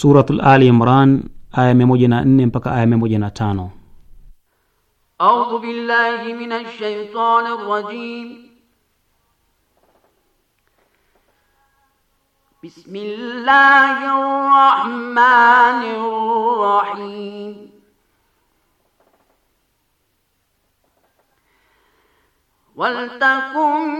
Suratul Ali Imran aya 104 mpaka aya 105. A'udhu billahi minash shaitanir rajim. Bismillahir Rahmanir Rahim. Wal takum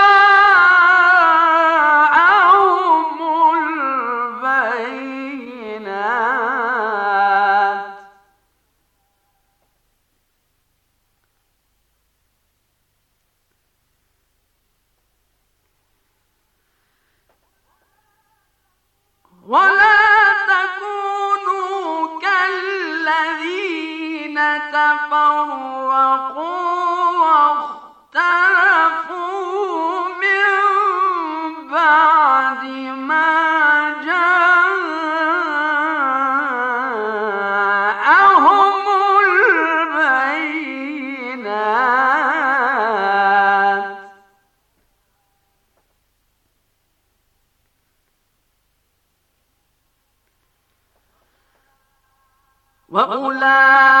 تفرقوا مولاي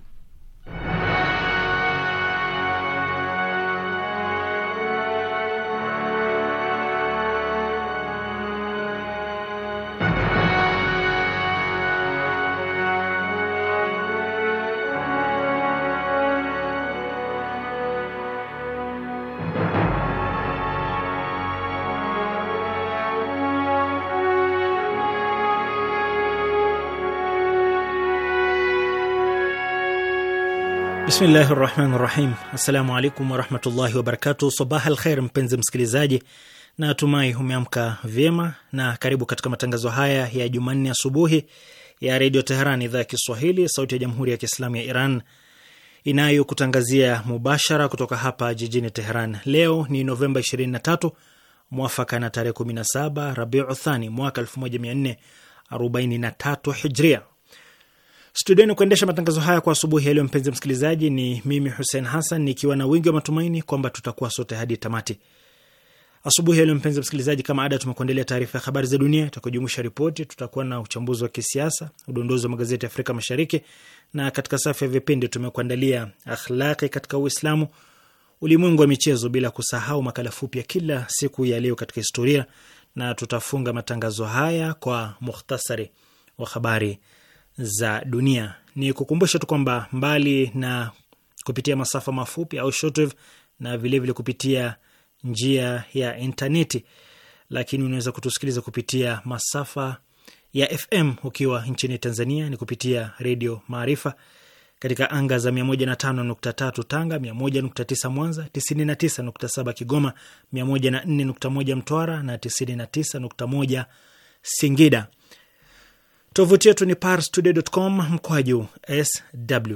Bismillahi rahmani rahim. Assalamu alaikum warahmatullahi wabarakatu. Sabah al kher, mpenzi msikilizaji, na tumai umeamka vyema na karibu katika matangazo haya ya Jumanne asubuhi ya redio Teheran, idhaa ya Kiswahili, sauti ya jamhuri ya kiislamu ya Iran inayokutangazia mubashara kutoka hapa jijini Teheran. Leo ni Novemba 23 mwafaka na tarehe 17 Rabiu Thani mwaka 1443 Hijria. Studioni kuendesha matangazo haya kwa asubuhi ya leo, mpenzi msikilizaji, ni mimi Hussein Hassan nikiwa na wingi wa matumaini kwamba tutakuwa sote hadi tamati asubuhi ya leo. Mpenzi msikilizaji, kama ada, tumekuandalia taarifa ya habari za dunia itakujumuisha ripoti, tutakuwa na uchambuzi wa kisiasa, udondozi wa magazeti ya Afrika Mashariki, na katika safu ya vipindi tumekuandalia akhlaki katika Uislamu, ulimwengu wa michezo, bila kusahau makala fupi ya kila siku ya leo katika historia, na tutafunga matangazo haya kwa muhtasari wa habari za dunia. Ni kukumbusha tu kwamba mbali na kupitia masafa mafupi au shortwave na vilevile vile kupitia njia ya intaneti, lakini unaweza kutusikiliza kupitia masafa ya FM ukiwa nchini Tanzania ni kupitia Redio Maarifa katika anga za 105.3 Tanga, 101.9 Mwanza, 99.7 Kigoma, 104.1 Mtwara na 99.1 Singida. Tovuti yetu ni parstoday.com mkwaju sw.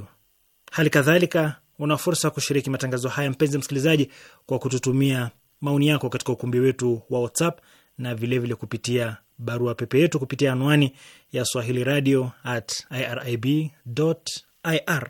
Hali kadhalika una fursa ya kushiriki matangazo haya, mpenzi msikilizaji, kwa kututumia maoni yako katika ukumbi wetu wa WhatsApp na vilevile vile kupitia barua pepe yetu kupitia anwani ya swahili radio at irib ir.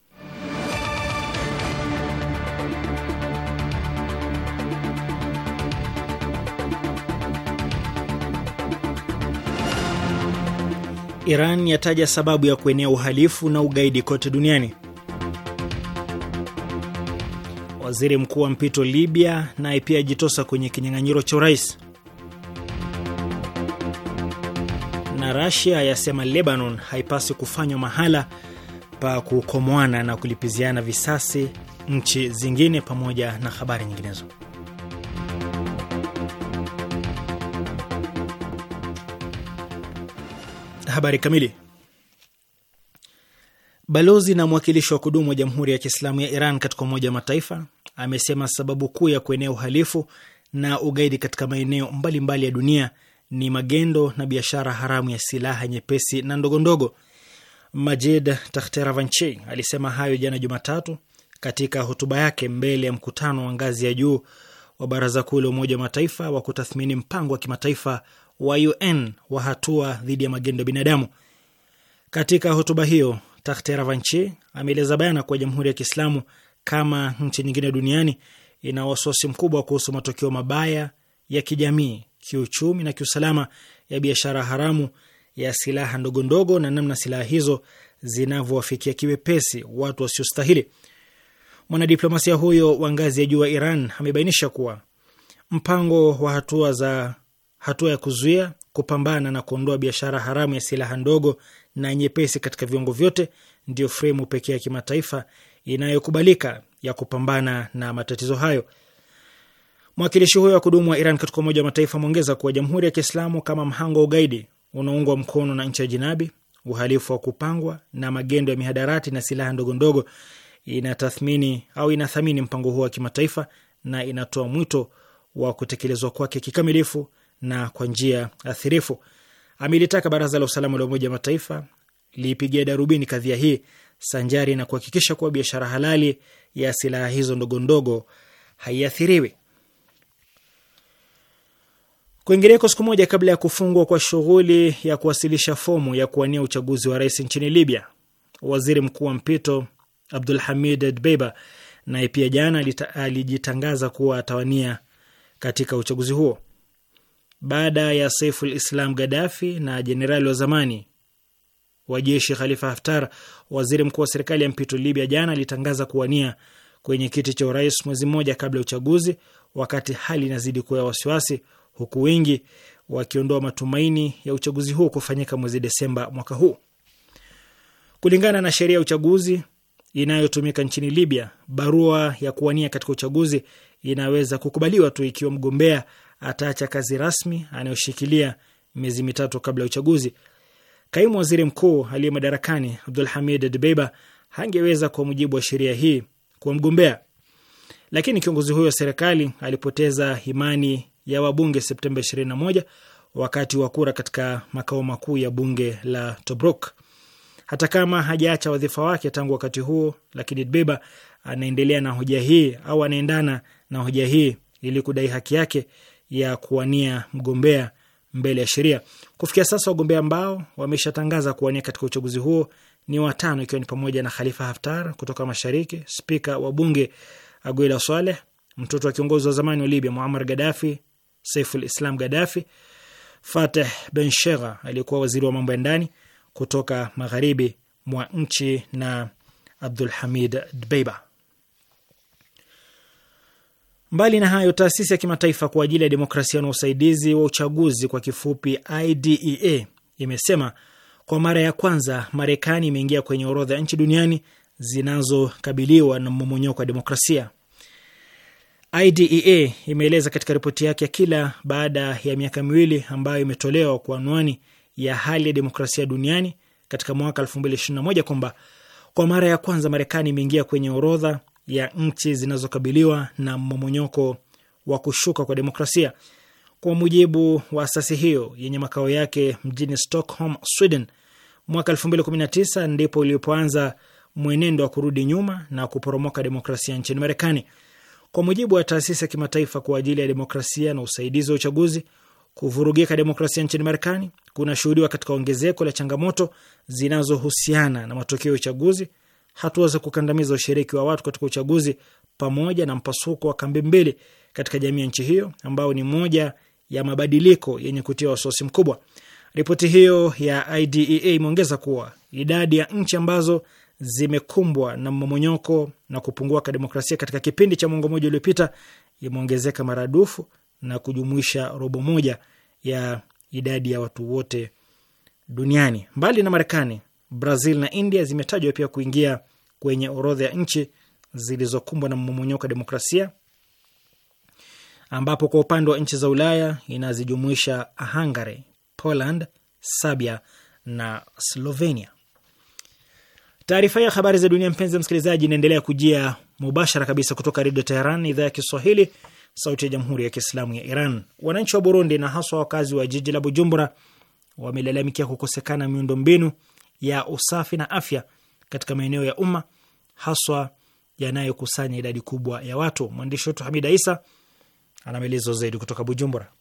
Iran yataja sababu ya kuenea uhalifu na ugaidi kote duniani. Waziri mkuu wa mpito Libya naye pia ajitosa kwenye kinyang'anyiro cha urais. Na Rasia yasema Lebanon haipasi kufanywa mahala pa kukomoana na kulipiziana visasi nchi zingine, pamoja na habari nyinginezo. Habari kamili. Balozi na mwakilishi wa kudumu wa Jamhuri ya Kiislamu ya Iran katika Umoja wa Mataifa amesema sababu kuu ya kuenea uhalifu na ugaidi katika maeneo mbalimbali ya dunia ni magendo na biashara haramu ya silaha nyepesi na ndogondogo. Majid Tahteravanchi alisema hayo jana Jumatatu katika hotuba yake mbele ya mkutano wa ngazi ya juu wa Baraza Kuu la Umoja wa Mataifa wa kutathmini mpango wa kimataifa wa UN wa hatua dhidi ya magendo ya binadamu. Katika hotuba hiyo, Takht Ravanchi ameeleza bayana kuwa Jamhuri ya Kiislamu kama nchi nyingine duniani ina wasiwasi mkubwa kuhusu matokeo mabaya ya kijamii, kiuchumi na kiusalama ya biashara haramu ya silaha ndogo ndogo na namna silaha hizo zinavyowafikia kiwepesi watu wasiostahili. Mwanadiplomasia huyo wa ngazi ya juu wa Iran amebainisha kuwa mpango wa hatua za hatua ya kuzuia, kupambana na kuondoa biashara haramu ya silaha ndogo na nyepesi katika viwango vyote ndiyo fremu pekee ya kimataifa inayokubalika ya kupambana na matatizo hayo. Mwakilishi huyo wa kudumu wa Iran katika Umoja wa Mataifa ameongeza kuwa Jamhuri ya Kiislamu kama mhanga wa ugaidi unaungwa mkono na nchi ya jinabi, uhalifu wa kupangwa na magendo ya mihadarati na silaha ndogo ndogo, inatathmini au inathamini mpango huo wa kimataifa na inatoa mwito wa kutekelezwa kwake kikamilifu na kwa njia athirifu. Amelitaka baraza la usalama la Umoja wa Mataifa liipigia darubini kadhia hii sanjari na kuhakikisha kuwa biashara halali ya silaha hizo ndogo ndogo haiathiriwi. Kwingineko, siku moja kabla ya kufungwa kwa shughuli ya kuwasilisha fomu ya kuwania uchaguzi wa rais nchini Libya, waziri mkuu wa mpito Abdul Hamid Dbeiba naye pia jana alijitangaza kuwa atawania katika uchaguzi huo baada ya Saiful Islam Gaddafi na jenerali wa zamani wa jeshi Khalifa Haftar, waziri mkuu wa serikali ya mpito Libya, jana alitangaza kuwania kwenye kiti cha urais mwezi mmoja kabla ya uchaguzi, wakati hali inazidi kuwa ya wasiwasi, huku wengi wakiondoa matumaini ya uchaguzi huo kufanyika mwezi Desemba mwaka huu. Kulingana na sheria ya uchaguzi inayotumika nchini Libya, barua ya kuwania katika uchaguzi inaweza kukubaliwa tu ikiwa mgombea ataacha kazi rasmi anayoshikilia miezi mitatu kabla ya uchaguzi. Kaimu waziri mkuu aliye madarakani Abdul Hamid Dbeiba hangeweza kwa mujibu wa sheria hii kuwa mgombea, lakini kiongozi huyo wa serikali alipoteza imani ya wabunge Septemba 21 wakati wa kura katika makao makuu ya bunge la Tobruk. Hata kama hajaacha wadhifa wake tangu wakati huo, lakini Dbeiba anaendelea na hoja hii au anaendana na hoja hii ili kudai haki yake ya kuwania mgombea mbele ya sheria. Kufikia sasa wagombea ambao wameshatangaza kuwania katika uchaguzi huo ni watano, ikiwa ni pamoja na Khalifa Haftar kutoka Mashariki, spika wa bunge Aguila saleh mtoto wa kiongozi wa zamani wa Libya Muammar Gaddafi, Saiful Islam Gaddafi, Fateh Ben Shera aliyekuwa waziri wa mambo ya ndani kutoka magharibi mwa nchi na Abdul Hamid Dbeiba. Mbali na hayo, taasisi ya kimataifa kwa ajili ya demokrasia na usaidizi wa uchaguzi kwa kifupi IDEA imesema kwa mara ya kwanza Marekani imeingia kwenye orodha ya nchi duniani zinazokabiliwa na mmomonyoko wa demokrasia. IDEA imeeleza katika ripoti yake ya kila baada ya miaka miwili ambayo imetolewa kwa anwani ya hali ya demokrasia duniani katika mwaka 2021 kwamba kwa mara ya kwanza Marekani imeingia kwenye orodha ya nchi zinazokabiliwa na mmomonyoko wa kushuka kwa demokrasia. Kwa mujibu wa asasi hiyo yenye makao yake mjini Stockholm, Sweden, mwaka 2019 ndipo ulipoanza mwenendo wa kurudi nyuma na kuporomoka demokrasia nchini Marekani. Kwa mujibu wa taasisi ya kimataifa kwa ajili ya demokrasia na usaidizi wa uchaguzi, kuvurugika demokrasia nchini Marekani kunashuhudiwa katika ongezeko la changamoto zinazohusiana na matokeo ya uchaguzi hatua za kukandamiza ushiriki wa watu katika uchaguzi pamoja na mpasuko wa kambi mbili katika jamii ya nchi hiyo ambao ni moja ya mabadiliko yenye kutia wasiwasi mkubwa. Ripoti hiyo ya IDEA imeongeza kuwa idadi ya nchi ambazo zimekumbwa na mmomonyoko na kupungua kwa demokrasia katika kipindi cha mwongo mmoja uliopita imeongezeka maradufu na kujumuisha robo moja ya idadi ya watu wote duniani. Mbali na Marekani, Brazil na India zimetajwa pia kuingia kwenye orodha ya nchi zilizokumbwa na mmomonyoko wa demokrasia, ambapo kwa upande wa nchi za Ulaya inazijumuisha Hungary, Poland, Serbia na Slovenia. Taarifa hii ya habari za dunia, mpenzi msikilizaji, inaendelea kujia mubashara kabisa kutoka Redio Teheran, idhaa ya Kiswahili, sauti ya jamhuri ya kiislamu ya Iran. Wananchi wa Burundi na haswa wakazi wa jiji la Bujumbura wamelalamikia kukosekana miundo mbinu ya usafi na afya katika maeneo ya umma haswa yanayokusanya idadi kubwa ya watu. Mwandishi wetu Hamida Isa ana maelezo zaidi kutoka Bujumbura.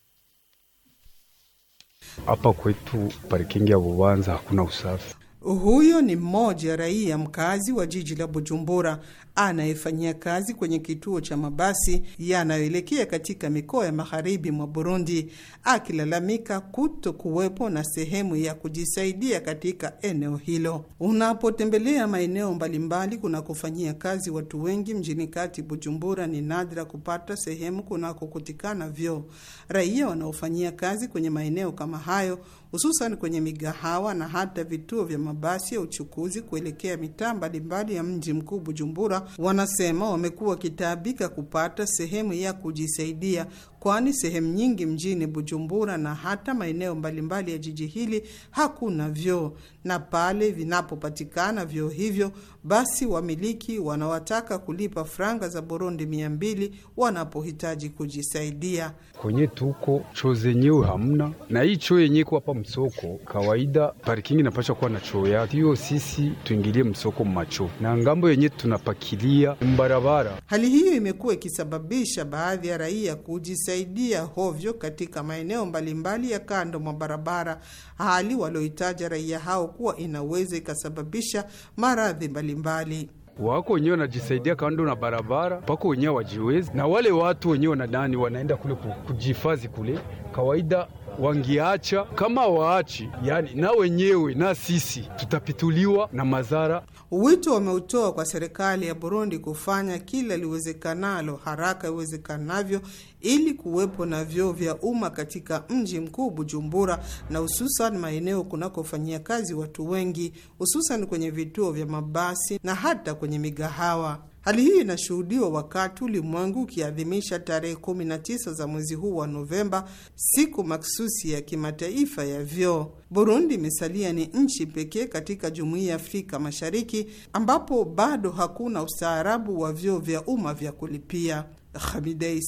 Hapa kwetu parikingi ya Bubanza hakuna usafi huyo ni mmoja raia mkazi wa jiji la Bujumbura anayefanyia kazi kwenye kituo cha mabasi yanayoelekea katika mikoa ya magharibi mwa Burundi, akilalamika kuto kuwepo na sehemu ya kujisaidia katika eneo hilo. Unapotembelea maeneo mbalimbali kunakofanyia kazi watu wengi mjini kati Bujumbura, ni nadra kupata sehemu kunakokutikana vyoo. Raia wanaofanyia kazi kwenye maeneo kama hayo hususan kwenye migahawa na hata vituo vya mabasi ya uchukuzi kuelekea mitaa mbalimbali ya mji mkuu Bujumbura, wanasema wamekuwa wakitaabika kupata sehemu ya kujisaidia kwani sehemu nyingi mjini Bujumbura na hata maeneo mbalimbali ya jiji hili hakuna vyoo, na pale vinapopatikana vyoo hivyo, basi wamiliki wanawataka kulipa franga za Burundi mia mbili wanapohitaji kujisaidia. Kwenye tuko choo zenyewe hamna, na hii choo yenyewe kwa hapa msoko kawaida, parking inapasha kuwa na choo yake, hiyo sisi tuingilie msoko mmacho na ngambo yenyewe tunapakilia mbarabara. Hali hiyo imekuwa ikisababisha baadhi ya raia kujisaidia wakijisaidia hovyo katika maeneo mbalimbali ya kando mwa barabara, hali walioitaja raia hao kuwa inaweza ikasababisha maradhi mbalimbali wako wenyewe wanajisaidia kando na barabara mpaka wenyewe wajiwezi, na wale watu wenyewe wanadani wanaenda kule kujihifadhi kule. Kawaida wangeacha kama waachi, yani na wenyewe na sisi tutapituliwa na madhara. Wito wameutoa kwa serikali ya Burundi kufanya kila liwezekanalo haraka iwezekanavyo ili kuwepo na vyoo vya umma katika mji mkuu Bujumbura, na hususan maeneo kunakofanyia kazi watu wengi, hususan kwenye vituo vya mabasi na hata kwenye migahawa. Hali hii inashuhudiwa wakati ulimwengu ukiadhimisha tarehe 19 za mwezi huu wa Novemba, siku maksusi ya kimataifa ya vyoo. Burundi imesalia ni nchi pekee katika jumuiya ya Afrika Mashariki ambapo bado hakuna ustaarabu wa vyoo vya umma vya kulipia. Hamide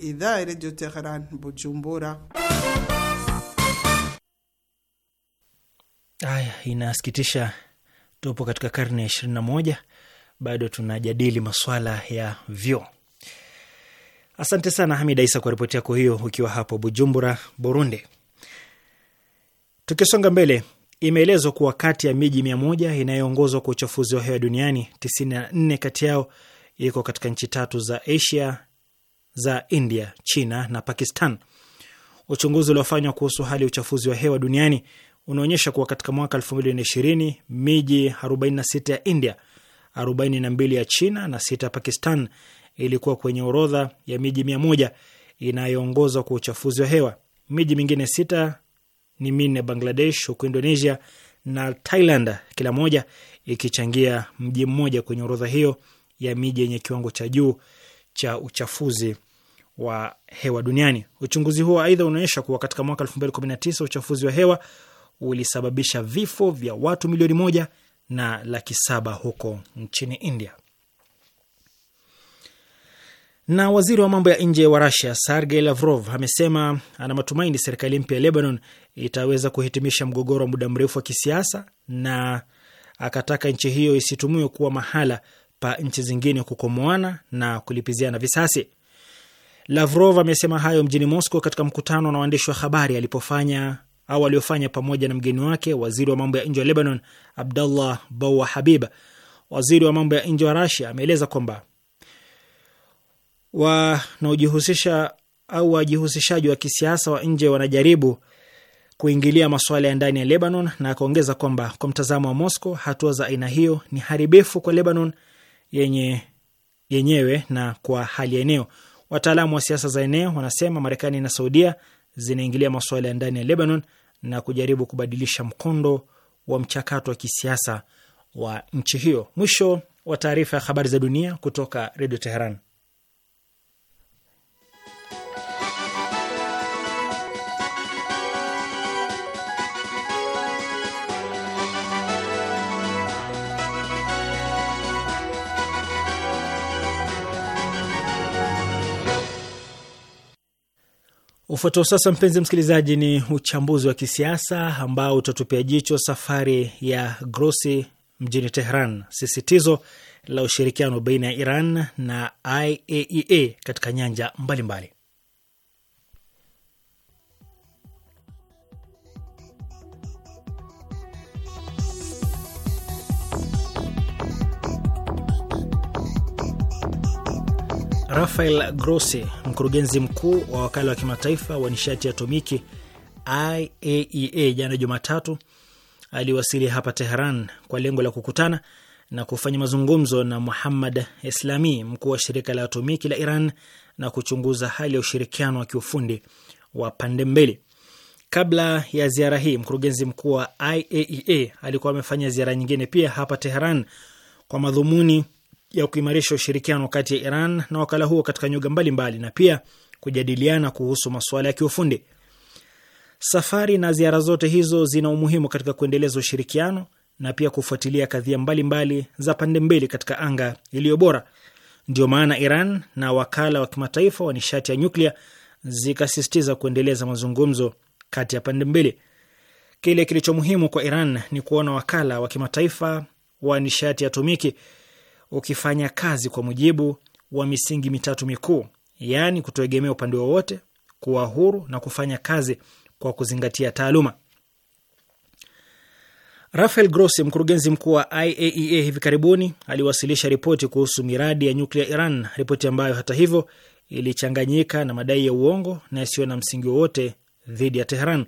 idhaa Teheran, Bujumbura. Aya, inasikitisha, tupo katika karne ya moja bado tunajadili maswala ya vyo. Asante sana Hamida Isa kwa ripoti yako hiyo, ukiwa hapo Bujumbura, Burundi. Tukisonga mbele, imeelezwa kuwa kati ya miji mia moja inayoongozwa kwa uchafuzi wa hewa duniani, 94 kati yao iko katika nchi tatu za Asia za India, China na Pakistan. Uchunguzi uliofanywa kuhusu hali ya uchafuzi wa hewa duniani unaonyesha kuwa katika mwaka 2020 miji 46 ya India, 42 ya China na 6 ya Pakistan ilikuwa kwenye orodha ya miji 100 inayoongozwa kwa uchafuzi wa hewa. Miji mingine sita ni minne Bangladesh, huku Indonesia na Thailand kila moja ikichangia mji mmoja kwenye orodha hiyo ya miji yenye kiwango cha juu cha uchafuzi wa hewa duniani. Uchunguzi huo aidha unaonyesha kuwa katika mwaka 2019 uchafuzi wa hewa ulisababisha vifo vya watu milioni moja na laki saba huko nchini India. Na waziri wa mambo ya nje wa Rasia Sergei Lavrov amesema ana matumaini serikali mpya ya Lebanon itaweza kuhitimisha mgogoro wa muda mrefu wa kisiasa, na akataka nchi hiyo isitumiwe kuwa mahala pa nchi zingine kukomoana na kulipiziana visasi. Lavrov amesema hayo mjini Moscow katika mkutano na waandishi wa habari alipofanya au aliofanya pamoja na mgeni wake waziri wa mambo ya nje wa Lebanon abdullah Bawa Habib. Waziri wa mambo ya nje wa Rasia ameeleza kwamba wanaojihusisha au wajihusishaji wa kisiasa wa nje wanajaribu kuingilia masuala ya ndani ya Lebanon, na akaongeza kwamba kwa mtazamo wa Moscow hatua za aina hiyo ni haribifu kwa Lebanon yenye yenyewe na kwa hali ya eneo. Wataalamu wa siasa za eneo wanasema Marekani na Saudia zinaingilia masuala ya ndani ya Lebanon na kujaribu kubadilisha mkondo wa mchakato wa kisiasa wa nchi hiyo. Mwisho wa taarifa ya habari za dunia kutoka Redio Teheran. Ufuatao sasa, mpenzi msikilizaji, ni uchambuzi wa kisiasa ambao utatupia jicho safari ya Grossi mjini Tehran, sisitizo la ushirikiano baina ya Iran na IAEA e katika nyanja mbalimbali mbali. Rafael Grossi, mkurugenzi mkuu wa wakala wa kimataifa wa nishati ya atomiki IAEA, e jana Jumatatu aliwasili hapa Teheran kwa lengo la kukutana na kufanya mazungumzo na Muhammad Islami, mkuu wa shirika la atomiki la Iran, na kuchunguza hali ya ushirikiano wa kiufundi wa pande mbili. Kabla ya ziara hii, mkurugenzi mkuu wa IAEA e alikuwa amefanya ziara nyingine pia hapa Teheran kwa madhumuni ya kuimarisha ushirikiano kati ya Iran na wakala huo katika nyuga mbalimbali na pia kujadiliana kuhusu masuala ya kiufundi. Safari na ziara zote hizo zina umuhimu katika kuendeleza ushirikiano na pia kufuatilia kadhia mbalimbali za pande mbili katika anga iliyo bora. Ndio maana Iran na wakala wa kimataifa wa nishati ya nyuklia zikasisitiza kuendeleza mazungumzo kati ya pande mbili. Kile kilicho muhimu kwa Iran ni kuona wakala wa kimataifa wa nishati ya atomiki ukifanya kazi kwa mujibu wa misingi mitatu mikuu, yaani kutoegemea upande wowote, kuwa huru na kufanya kazi kwa kuzingatia taaluma. Rafael Grossi, mkurugenzi mkuu wa IAEA, e hivi karibuni aliwasilisha ripoti kuhusu miradi ya nyuklia Iran, ripoti ambayo hata hivyo ilichanganyika na madai ya uongo na yasiyo na msingi wowote dhidi ya Tehran.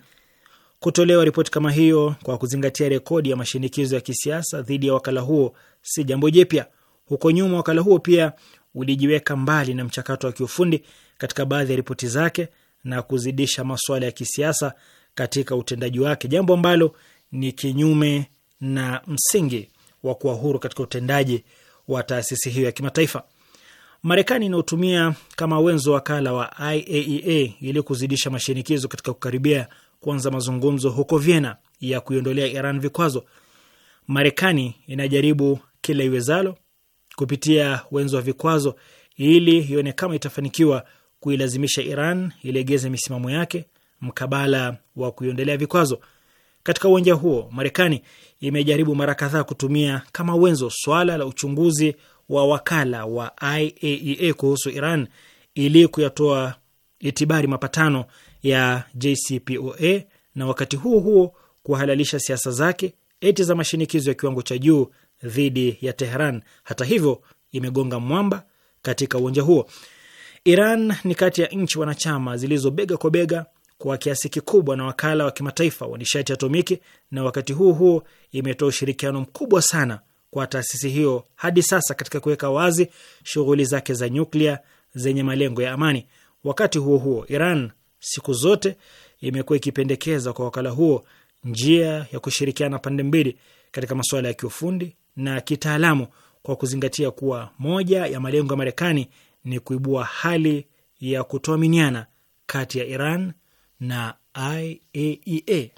Kutolewa ripoti kama hiyo kwa kuzingatia rekodi ya mashinikizo ya kisiasa dhidi ya wakala huo si jambo jipya. Huko nyuma, wakala huo pia ulijiweka mbali na mchakato wa kiufundi katika baadhi ya ripoti zake na kuzidisha masuala ya kisiasa katika utendaji wake, jambo ambalo ni kinyume na msingi wa kuwa huru katika utendaji wa taasisi hiyo ya kimataifa. Marekani inaotumia kama wenzo wakala wa IAEA e ili kuzidisha mashinikizo katika kukaribia kuanza mazungumzo huko Vienna ya kuiondolea Iran vikwazo. Marekani inajaribu kila iwezalo kupitia wenzo wa vikwazo ili ione kama itafanikiwa kuilazimisha Iran ilegeze misimamo yake mkabala wa kuiondelea vikwazo. Katika uwanja huo, Marekani imejaribu mara kadhaa kutumia kama wenzo swala la uchunguzi wa wakala wa IAEA e kuhusu Iran ili kuyatoa itibari mapatano ya JCPOA na wakati huo huo kuhalalisha siasa zake eti za mashinikizo ya kiwango cha juu dhidi ya Tehran. Hata hivyo, imegonga mwamba katika uwanja huo. Iran ni kati ya nchi wanachama zilizo bega kwa bega kwa kiasi kikubwa na wakala wa kimataifa wa nishati atomiki, na wakati huo huo imetoa ushirikiano mkubwa sana kwa taasisi hiyo hadi sasa katika kuweka wazi shughuli zake za nyuklia zenye malengo ya amani. Wakati huo huo, Iran siku zote imekuwa ikipendekeza kwa wakala huo njia ya kushirikiana pande mbili katika masuala ya kiufundi, na kitaalamu kwa kuzingatia kuwa moja ya malengo ya Marekani ni kuibua hali ya kutoaminiana kati ya Iran na IAEA. E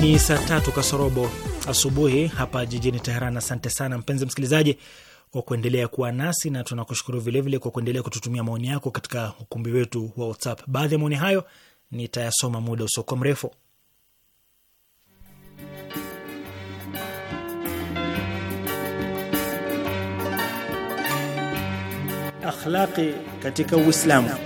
ni saa tatu kasorobo asubuhi hapa jijini Teheran. Asante sana mpenzi msikilizaji kwa kuendelea kuwa nasi na tunakushukuru vilevile kwa kuendelea kututumia maoni yako katika ukumbi wetu wa WhatsApp. Baadhi ya maoni hayo nitayasoma muda usiokuwa mrefu. Akhlaqi katika Uislamu.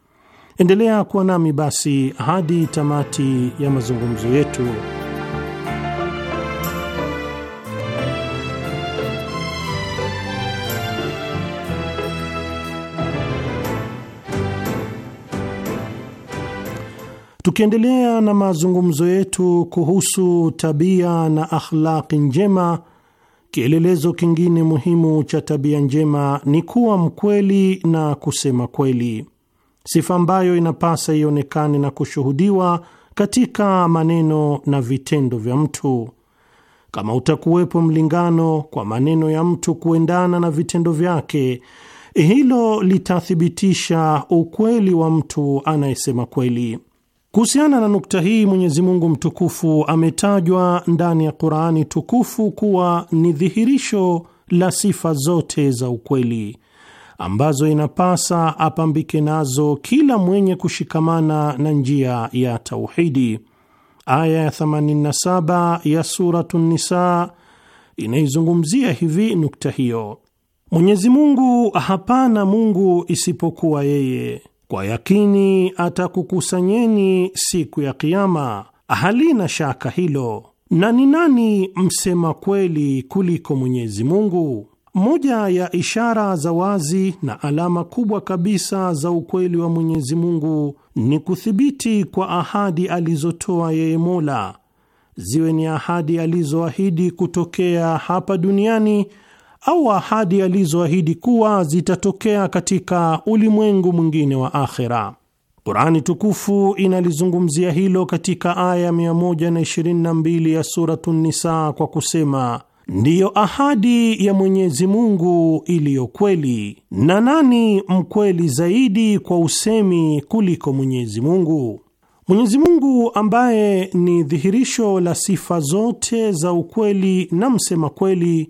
Endelea kuwa nami basi hadi tamati ya mazungumzo yetu. Tukiendelea na mazungumzo yetu kuhusu tabia na akhlaki njema, kielelezo kingine muhimu cha tabia njema ni kuwa mkweli na kusema kweli sifa ambayo inapasa ionekane na kushuhudiwa katika maneno na vitendo vya mtu. Kama utakuwepo mlingano kwa maneno ya mtu kuendana na vitendo vyake, hilo litathibitisha ukweli wa mtu anayesema kweli. Kuhusiana na nukta hii, Mwenyezi Mungu mtukufu ametajwa ndani ya Qur'ani tukufu kuwa ni dhihirisho la sifa zote za ukweli ambazo inapasa apambike nazo kila mwenye kushikamana na njia ya tauhidi. Aya ya 87 ya Suratu Nisa inaizungumzia hivi nukta hiyo: Mwenyezi Mungu, hapana Mungu isipokuwa yeye, kwa yakini atakukusanyeni siku ya Kiama, halina shaka hilo. Na ni nani msema kweli kuliko Mwenyezi Mungu? Moja ya ishara za wazi na alama kubwa kabisa za ukweli wa Mwenyezi Mungu ni kuthibiti kwa ahadi alizotoa yeye Mola, ziwe ni ahadi alizoahidi kutokea hapa duniani au ahadi alizoahidi kuwa zitatokea katika ulimwengu mwingine wa akhera. Qurani tukufu inalizungumzia hilo katika aya 122 ya Suratu Nisa kwa kusema ndiyo ahadi ya Mwenyezi Mungu iliyo kweli, na nani mkweli zaidi kwa usemi kuliko Mwenyezi Mungu? Mwenyezi Mungu ambaye ni dhihirisho la sifa zote za ukweli na msema kweli,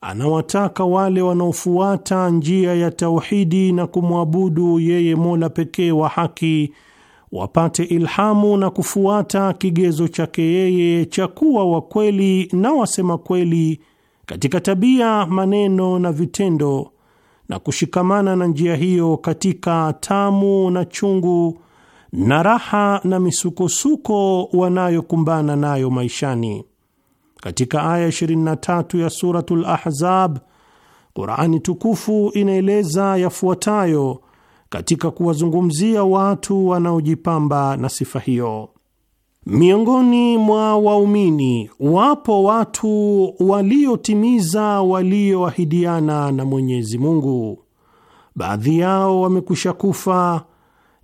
anawataka wale wanaofuata njia ya tauhidi na kumwabudu yeye Mola pekee wa haki wapate ilhamu na kufuata kigezo chake yeye cha kuwa wakweli na wasema kweli katika tabia, maneno na vitendo, na kushikamana na njia hiyo katika tamu na chungu na raha na misukosuko wanayokumbana nayo maishani. Katika aya 23 ya Suratul Ahzab, Qurani tukufu inaeleza yafuatayo katika kuwazungumzia watu wanaojipamba na sifa hiyo. Miongoni mwa waumini wapo watu waliotimiza walioahidiana na Mwenyezi Mungu. Baadhi yao wamekwisha kufa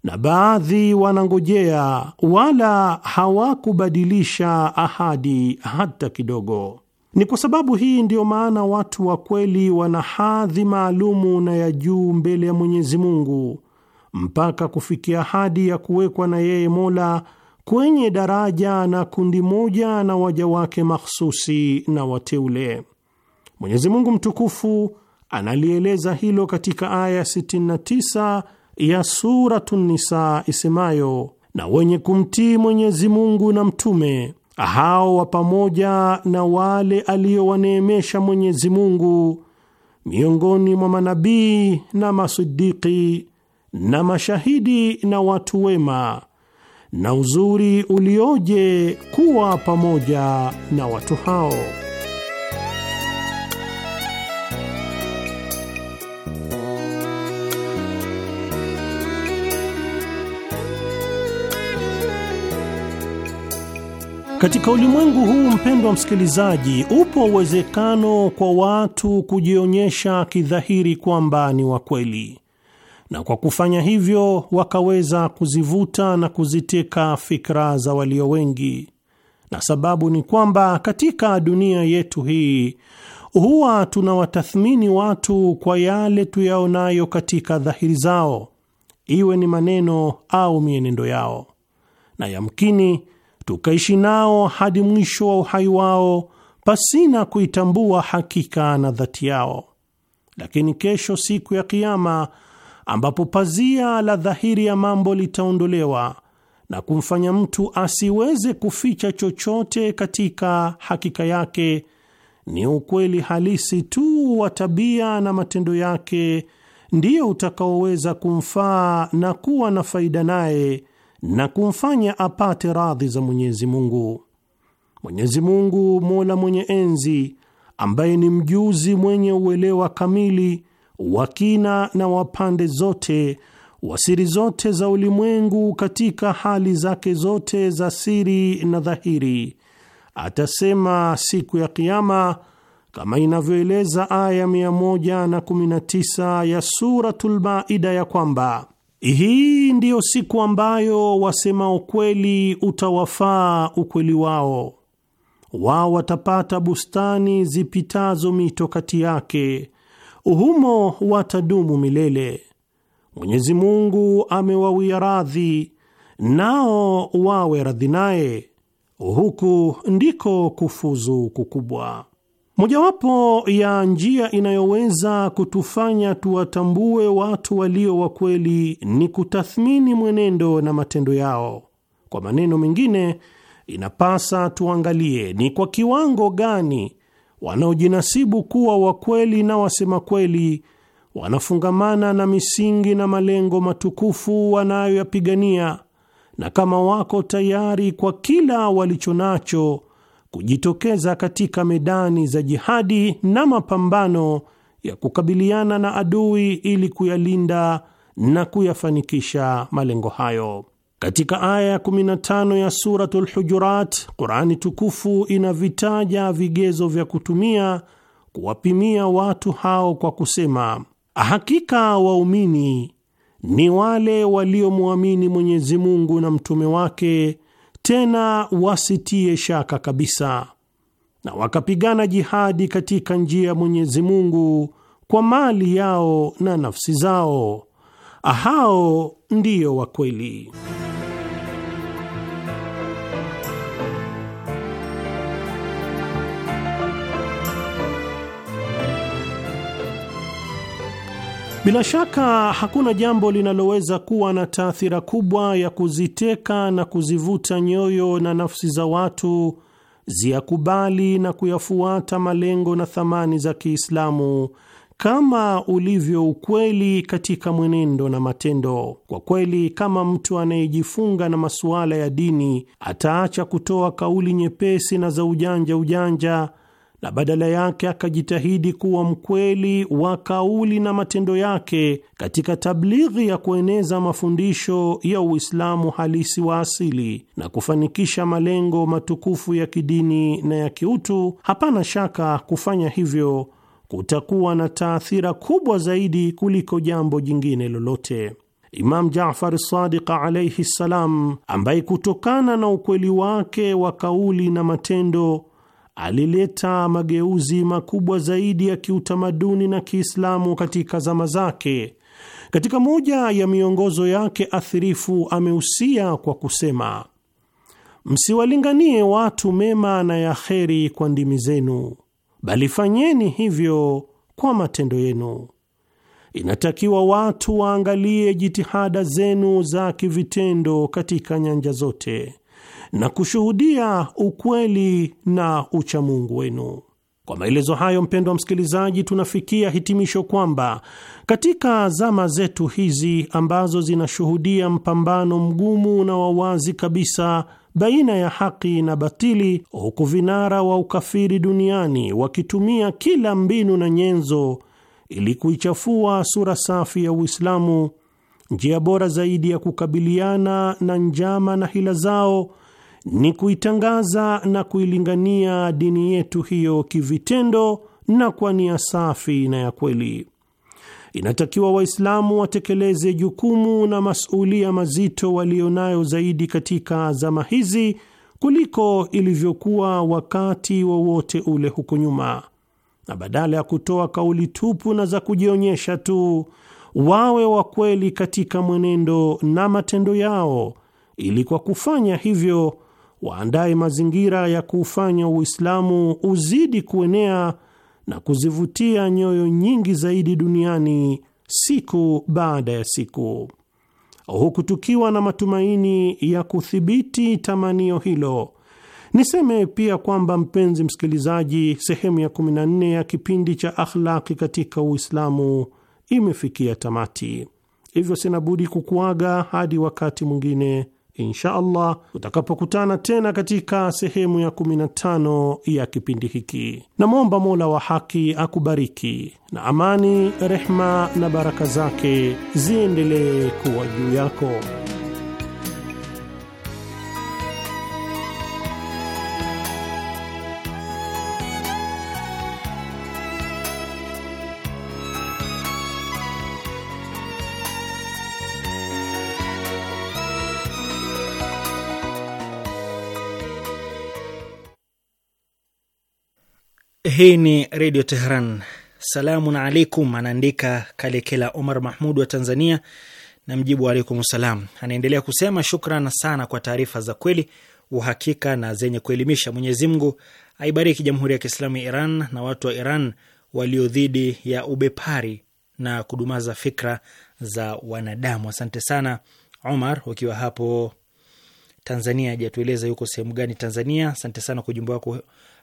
na baadhi wanangojea, wala hawakubadilisha ahadi hata kidogo. Ni kwa sababu hii ndiyo maana watu wa kweli wana hadhi maalumu na ya juu mbele ya Mwenyezi Mungu mpaka kufikia hadi ya kuwekwa na yeye Mola kwenye daraja na kundi moja na waja wake makhususi na wateule. Mwenyezi Mungu mtukufu analieleza hilo katika aya 69 ya Suratun Nisa isemayo, na wenye kumtii Mwenyezi Mungu na mtume hao wa pamoja na wale aliowaneemesha Mwenyezi Mungu miongoni mwa manabii na masidiki na mashahidi na watu wema, na uzuri ulioje kuwa pamoja na watu hao. Katika ulimwengu huu, mpendwa msikilizaji, upo uwezekano kwa watu kujionyesha kidhahiri kwamba ni wa kweli, na kwa kufanya hivyo wakaweza kuzivuta na kuziteka fikra za walio wengi, na sababu ni kwamba katika dunia yetu hii huwa tunawatathmini watu kwa yale tuyaonayo katika dhahiri zao, iwe ni maneno au mienendo yao, na yamkini tukaishi nao hadi mwisho wa uhai wao pasina kuitambua hakika na dhati yao. Lakini kesho, siku ya Kiama, ambapo pazia la dhahiri ya mambo litaondolewa na kumfanya mtu asiweze kuficha chochote katika hakika yake, ni ukweli halisi tu wa tabia na matendo yake ndiyo utakaoweza kumfaa na kuwa na faida naye na kumfanya apate radhi za Mwenyezi Mungu. Mwenyezi Mungu Mola mwenye enzi, ambaye ni mjuzi mwenye uelewa kamili wa kina na wa pande zote wa siri zote za ulimwengu katika hali zake zote za siri na dhahiri, atasema siku ya Kiama kama inavyoeleza aya 119 ya Suratul Maida ya kwamba hii ndiyo siku ambayo wasema ukweli utawafaa ukweli wao, wao watapata bustani zipitazo mito kati yake, humo watadumu milele. Mwenyezi Mungu amewawia radhi, nao wawe radhi naye. Huku ndiko kufuzu kukubwa. Mojawapo ya njia inayoweza kutufanya tuwatambue watu walio wa kweli ni kutathmini mwenendo na matendo yao. Kwa maneno mengine, inapasa tuangalie ni kwa kiwango gani wanaojinasibu kuwa wa kweli na wasema kweli wanafungamana na misingi na malengo matukufu wanayoyapigania, na kama wako tayari kwa kila walicho nacho kujitokeza katika medani za jihadi na mapambano ya kukabiliana na adui ili kuyalinda na kuyafanikisha malengo hayo. Katika aya ya 15 ya Suratul Hujurat, Qurani tukufu inavitaja vigezo vya kutumia kuwapimia watu hao kwa kusema, hakika waumini ni wale waliomwamini Mwenyezi Mungu na mtume wake tena wasitie shaka kabisa, na wakapigana jihadi katika njia ya Mwenyezi Mungu kwa mali yao na nafsi zao. Hao ndiyo wakweli. Bila shaka hakuna jambo linaloweza kuwa na taathira kubwa ya kuziteka na kuzivuta nyoyo na nafsi za watu ziyakubali na kuyafuata malengo na thamani za Kiislamu kama ulivyo ukweli katika mwenendo na matendo. Kwa kweli, kama mtu anayejifunga na masuala ya dini ataacha kutoa kauli nyepesi na za ujanja ujanja na badala yake akajitahidi kuwa mkweli wa kauli na matendo yake katika tablighi ya kueneza mafundisho ya Uislamu halisi wa asili na kufanikisha malengo matukufu ya kidini na ya kiutu, hapana shaka kufanya hivyo kutakuwa na taathira kubwa zaidi kuliko jambo jingine lolote. Imam Jafar Sadiq alaihi ssalam, ambaye kutokana na ukweli wake wa kauli na matendo alileta mageuzi makubwa zaidi ya kiutamaduni na Kiislamu katika zama zake. Katika moja ya miongozo yake athirifu amehusia kwa kusema, msiwalinganie watu mema na ya kheri kwa ndimi zenu, bali fanyeni hivyo kwa matendo yenu. Inatakiwa watu waangalie jitihada zenu za kivitendo katika nyanja zote na kushuhudia ukweli na uchamungu wenu. Kwa maelezo hayo, mpendwa msikilizaji, tunafikia hitimisho kwamba katika zama zetu hizi ambazo zinashuhudia mpambano mgumu na wawazi kabisa baina ya haki na batili, huku vinara wa ukafiri duniani wakitumia kila mbinu na nyenzo ili kuichafua sura safi ya Uislamu, njia bora zaidi ya kukabiliana na njama na hila zao ni kuitangaza na kuilingania dini yetu hiyo kivitendo na kwa nia safi na ya kweli. Inatakiwa Waislamu watekeleze jukumu na masuulia mazito nayo zaidi katika zama hizi kuliko ilivyokuwa wakati wowote wa ule huko nyuma, na badala ya kutoa kauli tupu na za kujionyesha tu, wawe wa kweli katika mwenendo na matendo yao, ili kwa kufanya hivyo waandaye mazingira ya kuufanya Uislamu uzidi kuenea na kuzivutia nyoyo nyingi zaidi duniani siku baada ya siku, huku tukiwa na matumaini ya kuthibiti tamanio hilo. Niseme pia kwamba mpenzi msikilizaji, sehemu ya 14 ya kipindi cha Akhlaki katika Uislamu imefikia tamati, hivyo sina budi kukuaga hadi wakati mwingine insha Allah utakapokutana tena katika sehemu ya 15 ya kipindi hiki. Namwomba Mola wa haki akubariki, na amani, rehma na baraka zake ziendelee kuwa juu yako. Hii ni Redio Teheran. Salamun alaikum, anaandika Kalekela Omar Mahmud wa Tanzania na mjibu alaikum salam. Anaendelea kusema shukran sana kwa taarifa za kweli, uhakika na zenye kuelimisha. Mwenyezi Mungu aibariki Jamhuri ya Kiislamu ya Iran na watu wa Iran walio dhidi ya ubepari na kudumaza fikra za wanadamu. Asante sana Omar, ukiwa hapo Tanzania. Hajatueleza yuko sehemu gani Tanzania. Asante sana kwa ujumbe wako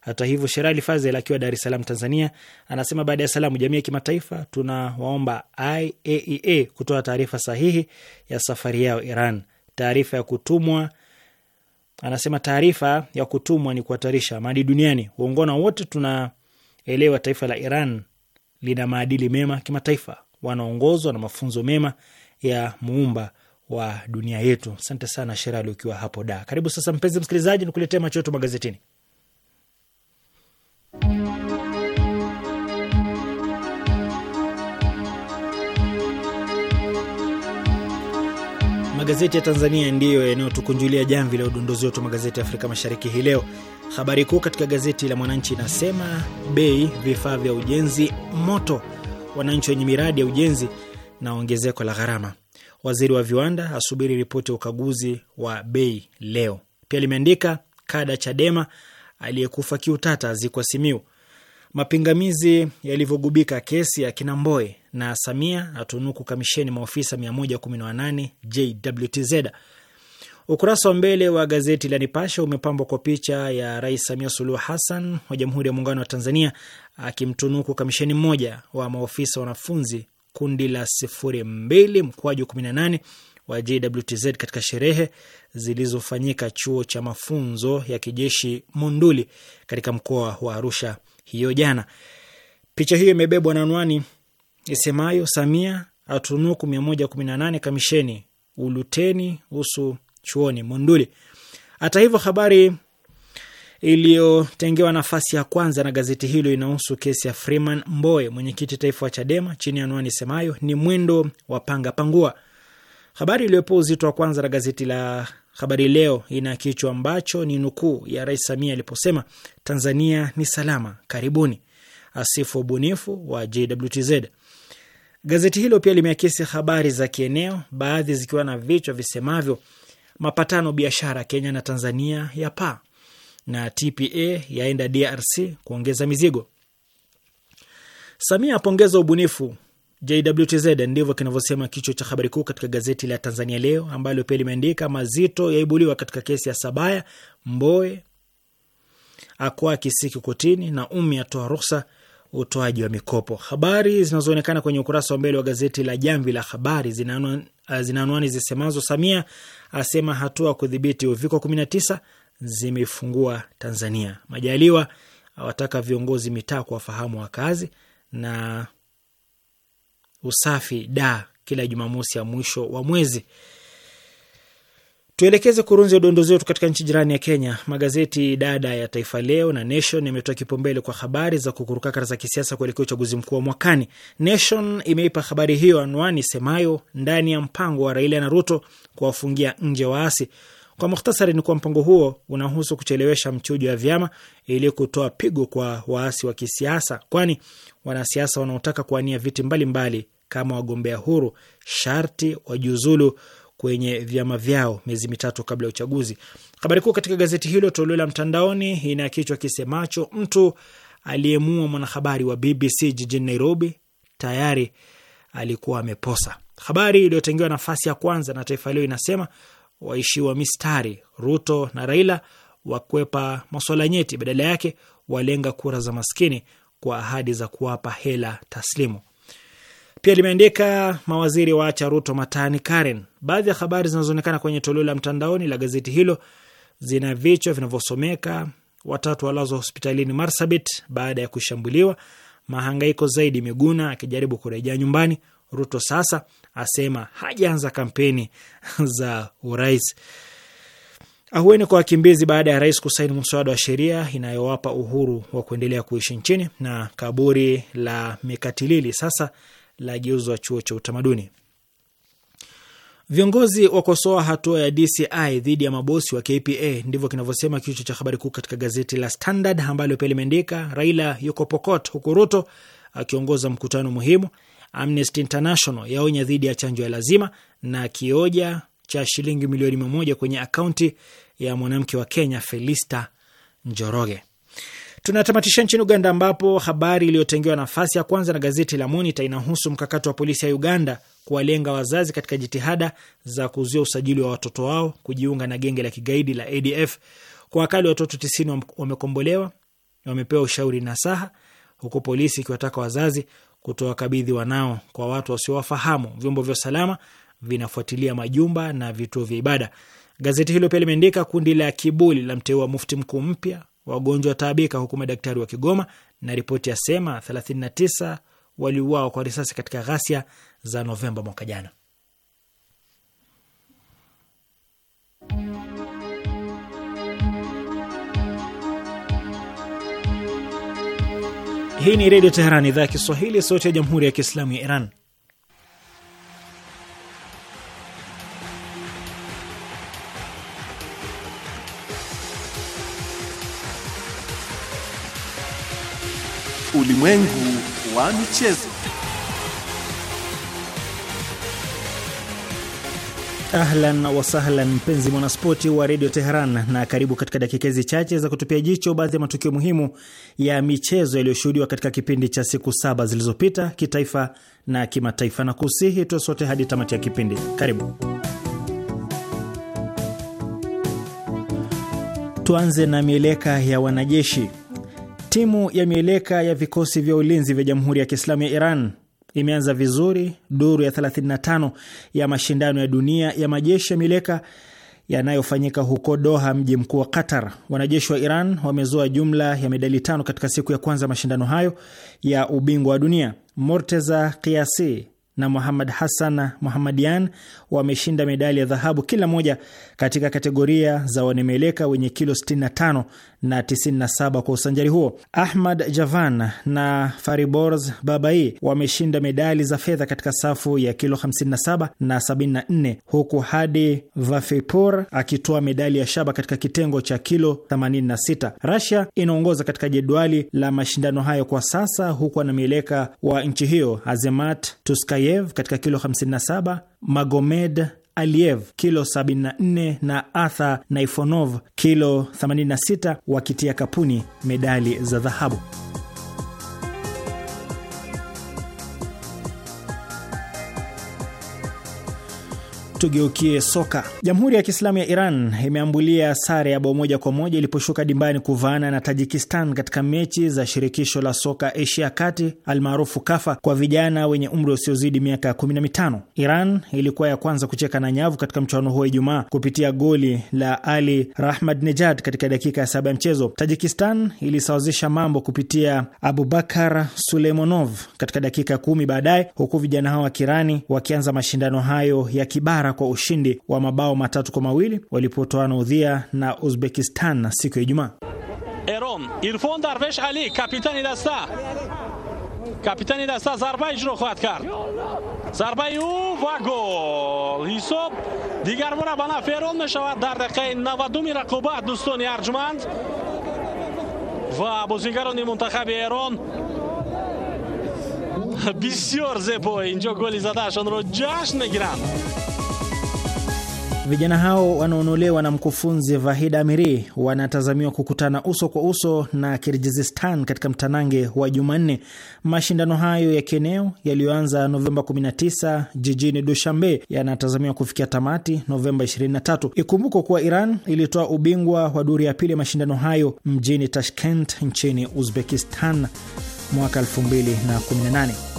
hata hivyo, Sherali Fazel akiwa Dar es Salaam, Tanzania, anasema baada ya salamu, jamii ya kimataifa, tunawaomba IAEA e kutoa taarifa sahihi ya safari yao Iran. Taarifa ya kutumwa anasema taarifa ya kutumwa ni kuhatarisha maadili duniani. Uongona wote tunaelewa taifa la Iran lina maadili mema kimataifa, wanaongozwa na mafunzo mema ya muumba wa dunia yetu. Asante sana Sherali ukiwa hapo da. Karibu sasa, mpenzi msikilizaji, nikuletee macho yetu magazetini. Magazeti ya Tanzania ndiyo yanayotukunjulia jamvi la udondozi wetu magazeti ya Afrika Mashariki hii leo. Habari kuu katika gazeti la Mwananchi inasema bei vifaa vya ujenzi moto, wananchi wenye miradi ya ujenzi na ongezeko la gharama. Waziri wa viwanda asubiri ripoti ya ukaguzi wa bei leo. Pia limeandika kada Chadema aliyekufa kiutata zikwa Simiu, mapingamizi yalivyogubika kesi ya Kinamboe na Samia atunuku kamisheni maofisa 118 JWTZ. Ukurasa wa mbele wa gazeti la Nipashe umepambwa kwa picha ya Rais Samia Suluhu Hassan wa Jamhuri ya Muungano wa Tanzania akimtunuku kamisheni mmoja wa maofisa wanafunzi kundi la sifuri mbili mkwaju 18 wa JWTZ katika sherehe zilizofanyika chuo cha mafunzo ya kijeshi Monduli katika mkoa wa Arusha hiyo jana. Picha hiyo imebebwa na anwani isemayo Samia atunuku 118 kamisheni uluteni husu chuoni Monduli. Hata hivyo, habari iliyotengewa nafasi ya kwanza na gazeti hilo inahusu kesi ya Freeman Mboe, mwenyekiti taifa wa Chadema, chini ya anwani semayo ni mwendo wa panga pangua. Habari iliyopewa uzito wa kwanza na gazeti la Habari Leo ina kichwa ambacho ni nukuu ya Rais Samia aliposema Tanzania ni salama, karibuni, asifu ubunifu wa JWTZ. Gazeti hilo pia limeakisi habari za kieneo, baadhi zikiwa na vichwa visemavyo mapatano biashara Kenya na Tanzania ya paa na TPA yaenda DRC kuongeza mizigo. Samia apongeza ubunifu JWTZ, ndivyo kinavyosema kichwa cha habari kuu katika gazeti la Tanzania Leo, ambalo pia limeandika mazito yaibuliwa katika kesi ya Sabaya, Mboe akwa kisiki kotini na Umi atoa ruhusa utoaji wa mikopo. Habari zinazoonekana kwenye ukurasa wa mbele wa gazeti la Jamvi la Habari zina anwani zisemazo, Samia asema hatua kudhibiti uviko 19 zimefungua Tanzania, Majaliwa awataka viongozi mitaa kuwafahamu wakazi, na usafi da kila Jumamosi ya mwisho wa mwezi. Tuelekeze kurunzi udondozi wetu katika nchi jirani ya Kenya. Magazeti dada ya Taifa Leo na Nation yametoa kipaumbele kwa habari za kukurukakara za kisiasa kuelekea uchaguzi mkuu wa mwakani. Nation imeipa habari hiyo anwani semayo, ndani ya mpango wa Raila na Ruto kuwafungia nje waasi. Kwa muhtasari, ni kuwa mpango huo unahusu kuchelewesha mchujo wa vyama ili kutoa pigo kwa waasi wa kisiasa, kwani wanasiasa wanaotaka kuwania viti mbalimbali mbali kama wagombea huru sharti wajiuzulu kwenye vyama vyao miezi mitatu kabla ya uchaguzi. Habari kuu katika gazeti hilo toleo la mtandaoni ina kichwa kisemacho mtu aliyemua mwanahabari wa BBC jijini Nairobi tayari alikuwa ameposa. Habari iliyotengewa nafasi ya kwanza na Taifa Leo inasema waishiwa mistari, Ruto na Raila wakwepa maswala nyeti, badala yake walenga kura za maskini kwa ahadi za kuwapa hela taslimu. Pia limeandika mawaziri waacha Ruto matani Karen, Baadhi ya habari zinazoonekana kwenye toleo la mtandaoni la gazeti hilo zina vichwa vinavyosomeka: watatu walazwa hospitalini Marsabit baada ya kushambuliwa; mahangaiko zaidi Miguna akijaribu kurejea nyumbani; Ruto sasa asema hajaanza kampeni za urais; ahueni kwa wakimbizi baada ya rais kusaini mswada wa sheria inayowapa uhuru wa kuendelea kuishi nchini; na kaburi la Mekatilili sasa la lageuzwa chuo cha utamaduni. Viongozi wakosoa hatua ya DCI dhidi ya mabosi wa KPA, ndivyo kinavyosema kichwa cha habari kuu katika gazeti la Standard ambalo pia limeandika Raila yuko Pokot huku Ruto akiongoza mkutano muhimu. Amnesty International yaonya dhidi ya chanjo ya lazima, na kioja cha shilingi milioni mia moja kwenye akaunti ya mwanamke wa Kenya Felista Njoroge. Tunatamatisha nchini Uganda, ambapo habari iliyotengewa nafasi ya kwanza na gazeti la Monita inahusu mkakati wa polisi ya Uganda kuwalenga wazazi katika jitihada za kuzuia usajili wa watoto wao kujiunga na genge la kigaidi la ADF. Kwa wakali watoto tisini wamekombolewa wamepewa ushauri na saha, huku polisi ikiwataka wazazi kutowakabidhi wanao kwa watu wasiowafahamu. Vyombo vya usalama vinafuatilia majumba na vituo vya ibada. Gazeti hilo pia limeandika kundi la Kibuli la mteua mufti mkuu mpya wagonjwa wataabika, huku madaktari wa Kigoma, na ripoti yasema 39 waliuawa kwa risasi katika ghasia za Novemba mwaka jana. Hii ni Redio Teheran, idhaa ya Kiswahili, sauti ya Jamhuri ya Kiislamu ya Iran. ulimwengu wa michezo. Ahlan wasahlan, mpenzi mwanaspoti wa redio Teheran, na karibu katika dakika hizi chache za kutupia jicho baadhi ya matukio muhimu ya michezo yaliyoshuhudiwa katika kipindi cha siku saba zilizopita kitaifa na kimataifa, na kusihi tuwe sote hadi tamati ya kipindi. Karibu. Tuanze na mieleka ya wanajeshi. Timu ya mieleka ya vikosi vya ulinzi vya Jamhuri ya Kiislamu ya Iran imeanza vizuri duru ya 35 ya mashindano ya dunia ya majeshi ya mieleka yanayofanyika huko Doha, mji mkuu wa Qatar. Wanajeshi wa Iran wamezoa jumla ya medali tano katika siku ya kwanza mashindano hayo ya ubingwa wa dunia. Morteza Kiasi na Muhammad Hassan Muhammadian wameshinda medali ya dhahabu kila moja katika kategoria za wanemeleka wenye kilo 65 na 97 kwa usanjari huo. Ahmad Javan na Fariborz Babai wameshinda medali za fedha katika safu ya kilo 57 na 74, huku Hadi Vafipur akitoa medali ya shaba katika kitengo cha kilo 86. Russia inaongoza katika jedwali la mashindano hayo kwa sasa, huku wanemeleka wa nchi hiyo Azemat Tuskay Mamayev katika kilo 57, Magomed Aliyev kilo 74 na Arthur Naifonov kilo 86 wakitia kapuni medali za dhahabu. Tugeukie soka. Jamhuri ya Kiislamu ya Iran imeambulia sare ya bao moja kwa moja iliposhuka dimbani kuvaana na Tajikistan katika mechi za shirikisho la soka Asia kati almaarufu KAFA kwa vijana wenye umri usiozidi miaka 15. Iran ilikuwa ya kwanza kucheka na nyavu katika mchuano huo Ijumaa kupitia goli la Ali Rahmad Nejad katika dakika ya saba ya mchezo. Tajikistan ilisawazisha mambo kupitia Abubakar Sulemonov katika dakika kumi baadaye, huku vijana hao wa Kirani wakianza mashindano hayo ya kibara Iran kwa ushindi wa mabao matatu kwa mawili walipotoana udhia na Uzbekistan na siku ya Ijumaa. Eron Irfon Darvesh Ali kapitani dasta kapitani dasta zarba ijro khohad kard зарбаи ӯ ва гол ҳисоб дигар бора ба наферон мешавад дар дақиқаи навадуми рақобат дӯстони арҷманд ва бозингарони мунтахаби эрон бисёр зебо инҷо голи задаашонро ҷашн мегиранд Vijana hao wanaonolewa na mkufunzi Vahid Amiri wanatazamiwa kukutana uso kwa uso na Kirgizistan katika mtanange wa Jumanne. Mashindano hayo ya kieneo yaliyoanza Novemba 19 jijini Dushambe yanatazamiwa kufikia tamati Novemba 23. ikumbuko kuwa Iran ilitoa ubingwa wa duru ya pili ya mashindano hayo mjini Tashkent nchini Uzbekistan mwaka 2018.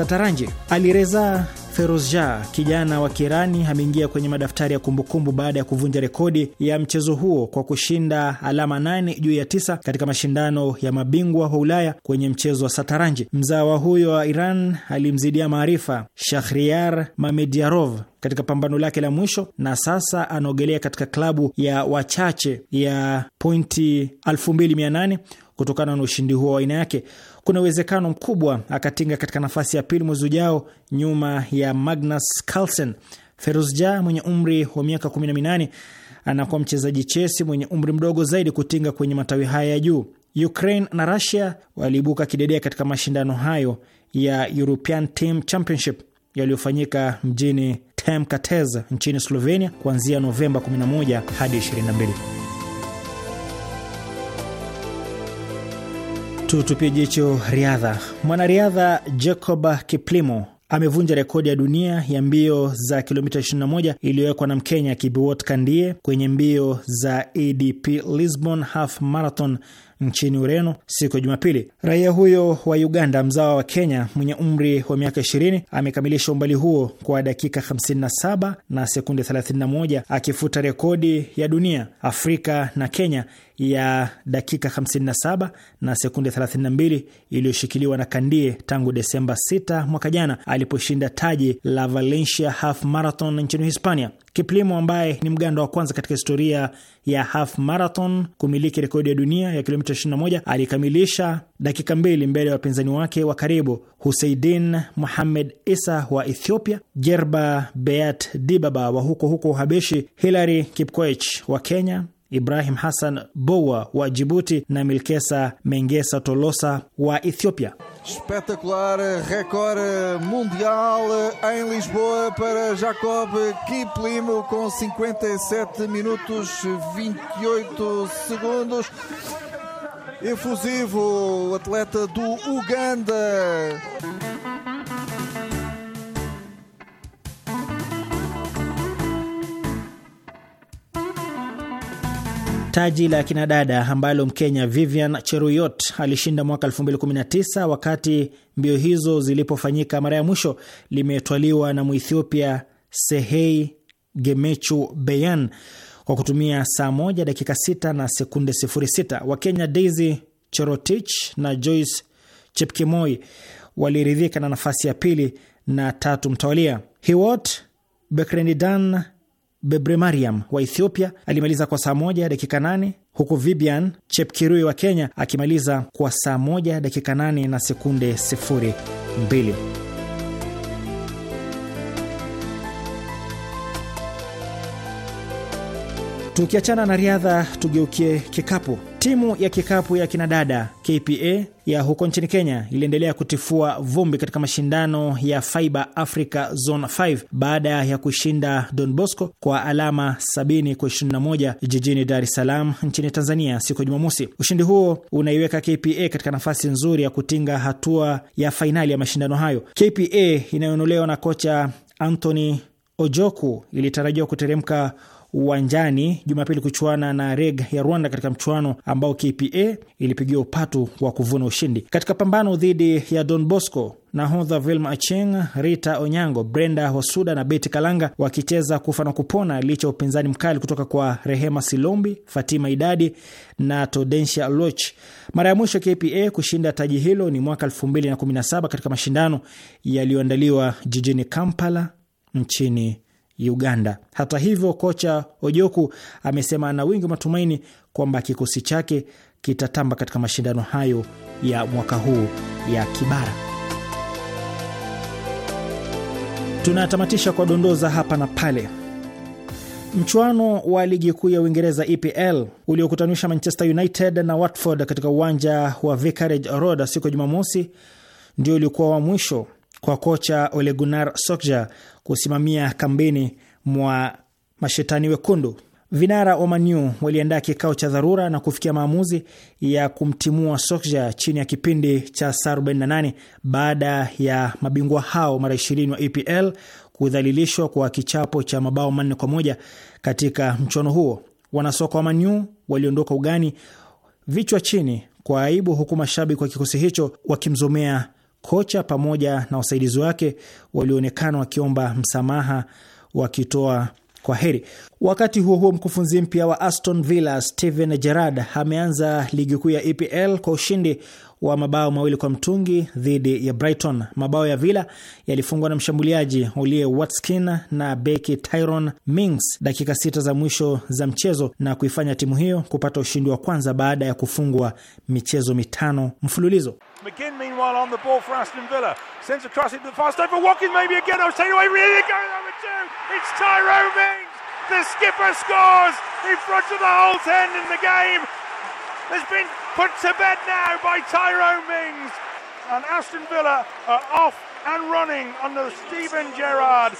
Sataranje Alireza Ferozja kijana wa Kirani ameingia kwenye madaftari ya kumbukumbu baada ya kuvunja rekodi ya mchezo huo kwa kushinda alama 8 juu ya tisa katika mashindano ya mabingwa wa Ulaya kwenye mchezo wa sataranji. Mzawa huyo wa Iran alimzidia maarifa Shahriar Mamediarov katika pambano lake la mwisho na sasa anaogelea katika klabu ya wachache ya pointi 2800 kutokana na ushindi huo wa aina yake kuna uwezekano mkubwa akatinga katika nafasi ya pili mwezi ujao nyuma ya Magnus Carlsen. Ferusja mwenye umri wa miaka 18 anakuwa mchezaji chesi mwenye umri mdogo zaidi kutinga kwenye matawi haya ya juu. Ukraine na Russia waliibuka kidedea katika mashindano hayo ya European Team Championship yaliyofanyika mjini Temkateza nchini Slovenia kuanzia Novemba 11 hadi 22. Tutupie jicho riadha. Mwanariadha Jacob Kiplimo amevunja rekodi ya dunia ya mbio za kilomita 21 iliyowekwa na Mkenya Kibiwot Kandie kwenye mbio za ADP Lisbon Half Marathon nchini Ureno siku ya Jumapili. Raia huyo wa Uganda, mzawa wa Kenya, mwenye umri wa miaka 20 amekamilisha umbali huo kwa dakika 57 na sekunde 31, akifuta rekodi ya dunia, Afrika na Kenya ya dakika 57 na sekunde 32 iliyoshikiliwa na Kandie tangu Desemba 6 mwaka jana aliposhinda taji la Valencia Half Marathon nchini Hispania. Kiplimo ambaye ni mganda wa kwanza katika historia ya half marathon kumiliki rekodi ya dunia ya kilomita 21 alikamilisha dakika mbili mbele ya wapinzani wake wa karibu Huseidin Mohamed Isa wa Ethiopia, Jerba Beat Dibaba wa huko huko Uhabeshi, Hilary Kipkoech wa Kenya Ibrahim Hassan Boa wa Jibuti na Milkesa Mengesa Tolosa wa Ethiopia. Espetacular recorde mundial em Lisboa para Jacob Kiplimo com 57 minutos 28 segundos. Efusivo, atleta do Uganda. Taji la kinadada ambalo Mkenya Vivian Cheruyot alishinda mwaka 2019 wakati mbio hizo zilipofanyika mara ya mwisho limetwaliwa na Muethiopia Sehei Gemechu Beyan kwa kutumia saa moja dakika 6 na sekunde 06. Wakenya Daisy Cherotich na Joyce Chepkemoi waliridhika na nafasi ya pili na tatu mtawalia. Hiwot Bekrenidan bebre mariam wa Ethiopia alimaliza kwa saa moja dakika nane huku Vibian Chepkirui wa Kenya akimaliza kwa saa moja dakika nane na sekunde sifuri mbili. Tukiachana na riadha, tugeukie kikapu. Timu ya kikapu ya kinadada KPA ya huko nchini Kenya iliendelea kutifua vumbi katika mashindano ya FIBA Africa Zone 5 baada ya kushinda Don Bosco kwa alama 70 kwa 21 jijini Dar es Salaam nchini Tanzania siku ya Jumamosi. Ushindi huo unaiweka KPA katika nafasi nzuri ya kutinga hatua ya fainali ya mashindano hayo. KPA inayonolewa na kocha Anthony Ojoku ilitarajiwa kuteremka uwanjani Jumapili kuchuana na Reg ya Rwanda katika mchuano ambao KPA ilipigiwa upatu wa kuvuna ushindi. Katika pambano dhidi ya Don Bosco, nahodha Vilma Acheng, Rita Onyango, Brenda Wasuda na Beti Kalanga wakicheza kufa na kupona licha ya upinzani mkali kutoka kwa Rehema Silombi, Fatima Idadi na todensia Loch. Mara ya mwisho KPA kushinda taji hilo ni mwaka 2017 katika mashindano yaliyoandaliwa jijini Kampala nchini Uganda. Hata hivyo, kocha Ojoku amesema ana wingi wa matumaini kwamba kikosi chake kitatamba katika mashindano hayo ya mwaka huu ya Kibara. Tunatamatisha kwa dondoza hapa na pale. Mchuano wa ligi kuu ya Uingereza EPL uliokutanisha Manchester United na Watford katika uwanja wa Vicarage Road siku ya Jumamosi ndio ulikuwa wa mwisho kwa kocha Ole Gunnar Solskjaer kusimamia kambini mwa mashetani wekundu. Vinara wa Manyu waliandaa kikao cha dharura na kufikia maamuzi ya kumtimua Solskjaer chini ya kipindi cha saa 48 baada ya mabingwa hao mara 20 wa EPL kudhalilishwa kwa kichapo cha mabao manne kwa moja katika mchuano huo. Wanasoka wa Manyu waliondoka ugani vichwa chini kwa aibu, huku mashabiki wa kikosi hicho wakimzomea Kocha pamoja na wasaidizi wake walionekana wakiomba msamaha wakitoa kwa heri. Wakati huo huo, mkufunzi mpya wa Aston Villa Steven Gerrard ameanza ligi kuu ya EPL kwa ushindi wa mabao mawili kwa mtungi dhidi ya Brighton. Mabao ya Villa yalifungwa na mshambuliaji Ollie Watkins na beki Tyrone Mings dakika sita za mwisho za mchezo na kuifanya timu hiyo kupata ushindi wa kwanza baada ya kufungwa michezo mitano mfululizo. McGinn, meanwhile, on the ball for Aston Villa. Sends across to the fast over Watkins, maybe again. I Oh, taken away. Really go number two. It's Tyrone Mings. The skipper scores in front of the whole 10 in the game. Has been put to bed now by Tyrone Mings. And Aston Villa are off and running under Stephen Gerrard.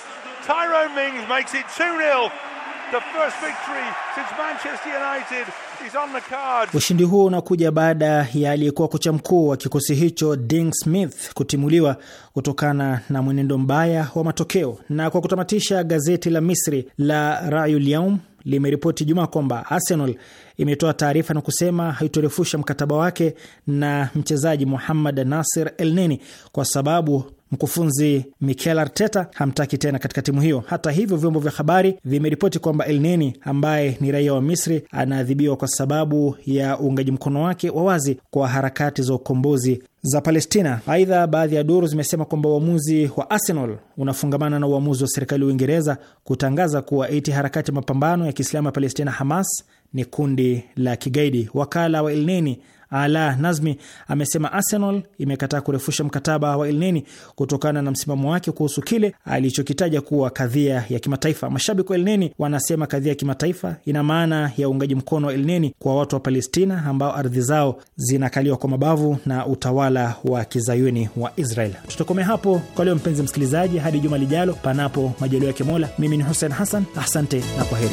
Tyrone Mings makes it 2 0 the first victory since Manchester United is on the card. Ushindi huo unakuja baada ya aliyekuwa kocha mkuu wa kikosi hicho Dean Smith kutimuliwa kutokana na mwenendo mbaya wa matokeo. Na kwa kutamatisha, gazeti la Misri la Rayul Yaum limeripoti Jumaa kwamba Arsenal imetoa taarifa na kusema haitorefusha mkataba wake na mchezaji Muhammad Nasir Elneny kwa sababu mkufunzi Mikel Arteta hamtaki tena katika timu hiyo. Hata hivyo, vyombo vya habari vimeripoti kwamba elneni ambaye ni raia wa Misri anaadhibiwa kwa sababu ya uungaji mkono wake wa wazi kwa harakati za ukombozi za Palestina. Aidha, baadhi ya duru zimesema kwamba uamuzi wa Arsenal unafungamana na uamuzi wa serikali ya Uingereza kutangaza kuwa eti harakati mapambano ya Kiislamu ya Palestina Hamas ni kundi la kigaidi. Wakala wa El Ala Nazmi amesema Arsenal imekataa kurefusha mkataba wa Elneny kutokana na msimamo wake kuhusu kile alichokitaja kuwa kadhia ya kimataifa. Mashabiki wa Elneny wanasema kadhia ya kimataifa ina maana ya uungaji mkono wa Elneny kwa watu wa Palestina ambao ardhi zao zinakaliwa kwa mabavu na utawala wa kizayuni wa Israel. Tutakomea hapo kwa leo, mpenzi msikilizaji, hadi juma lijalo, panapo majaliwa yake Mola. Mimi ni Hussein Hassan, asante na kwa heri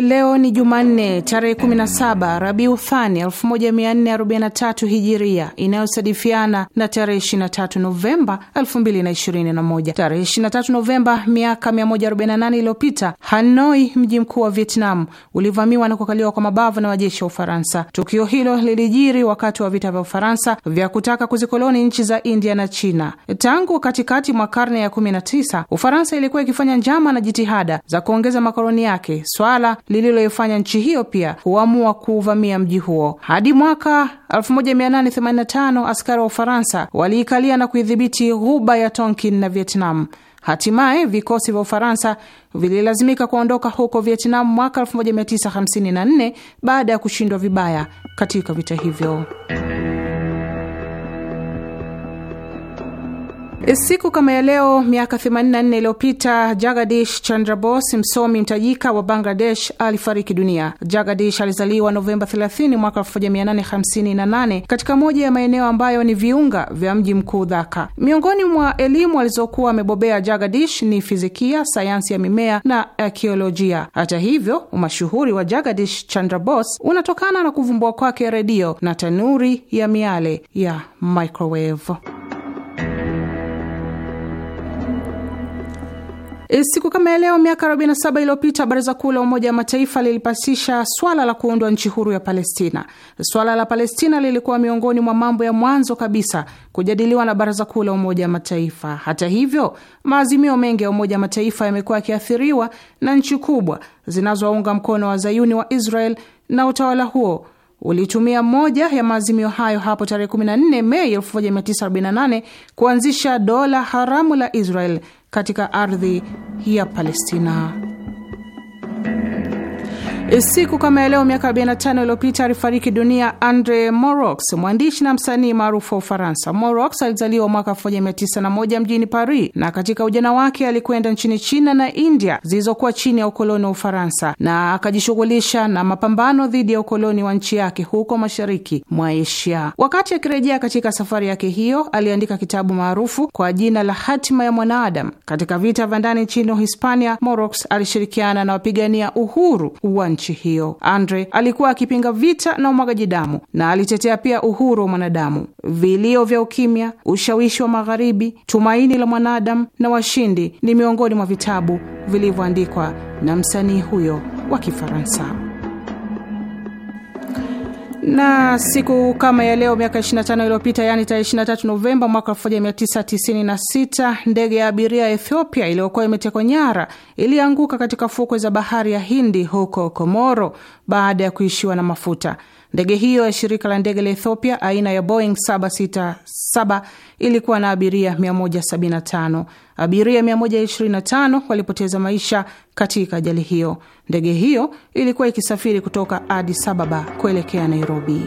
Leo ni Jumanne tarehe 17 Rabiu Thani 1443 Hijiria, inayosadifiana na tarehe 23 Novemba 2021. Tarehe 23 Novemba miaka 148 iliyopita, Hanoi, mji mkuu wa Vietnam, ulivamiwa na kukaliwa kwa mabavu na majeshi ya Ufaransa. Tukio hilo lilijiri wakati wa vita vya Ufaransa vya kutaka kuzikoloni nchi za India na China. Tangu katikati mwa karne ya 19, Ufaransa ilikuwa ikifanya njama na jitihada za kuongeza makoloni yake, swala lililoifanya nchi hiyo pia huamua kuuvamia mji huo. Hadi mwaka 1885 askari wa Ufaransa waliikalia na kuidhibiti ghuba ya Tonkin na Vietnam. Hatimaye vikosi vya Ufaransa vililazimika kuondoka huko Vietnam mwaka 1954 baada ya kushindwa vibaya katika vita hivyo. E, siku kama ya leo miaka 84 iliyopita Jagadish Chandra Bose, msomi mtajika wa Bangladesh, alifariki dunia. Jagadish alizaliwa Novemba 30 mwaka 1858 katika moja ya maeneo ambayo ni viunga vya mji mkuu Dhaka. Miongoni mwa elimu alizokuwa amebobea Jagadish ni fizikia, sayansi ya mimea na akiolojia. Eh, Hata hivyo, umashuhuri wa Jagadish Chandra Bose unatokana na kuvumbua kwake redio na tanuri ya miale ya microwave. E, siku kama ya leo miaka 47 iliyopita Baraza Kuu la Umoja wa Mataifa lilipasisha swala la kuundwa nchi huru ya Palestina. Swala la Palestina lilikuwa miongoni mwa mambo ya mwanzo kabisa kujadiliwa na Baraza Kuu la Umoja wa Mataifa. Hata hivyo, maazimio mengi ya Umoja wa Mataifa yamekuwa yakiathiriwa na nchi kubwa zinazowaunga mkono wa zayuni wa Israel, na utawala huo ulitumia moja ya maazimio hayo hapo tarehe 14 Mei 1948 kuanzisha dola haramu la Israel katika ardhi ya Palestina. E, siku kama ya leo miaka 45 iliyopita alifariki dunia Andre Morox, mwandishi na msanii maarufu wa Ufaransa. Morox alizaliwa mwaka 1901 mjini Paris, na katika ujana wake alikwenda nchini China na India zilizokuwa chini ya ukoloni wa Ufaransa, na akajishughulisha na mapambano dhidi ya ukoloni wa nchi yake huko mashariki mwa Asia. Wakati akirejea katika safari yake hiyo, aliandika kitabu maarufu kwa jina la Hatima ya Mwanadamu. Katika vita vya ndani nchini Hispania, Morox alishirikiana na wapigania uhuru wa nchi nchi hiyo. Andre alikuwa akipinga vita na umwagaji damu na alitetea pia uhuru wa mwanadamu. Vilio vya ukimya, ushawishi wa Magharibi, tumaini la mwanadamu na washindi ni miongoni mwa vitabu vilivyoandikwa na msanii huyo wa Kifaransa na siku kama ya leo miaka 25 iliyopita, yaani tarehe 23 Novemba mwaka 1996, ndege ya abiria ya Ethiopia iliyokuwa imetekwa nyara ilianguka katika fukwe za bahari ya Hindi huko Komoro baada ya kuishiwa na mafuta. Ndege hiyo ya shirika la ndege la Ethiopia aina ya Boeing 767 ilikuwa na abiria 175. Abiria 125 walipoteza maisha katika ajali hiyo. Ndege hiyo ilikuwa ikisafiri kutoka Addis Ababa kuelekea Nairobi.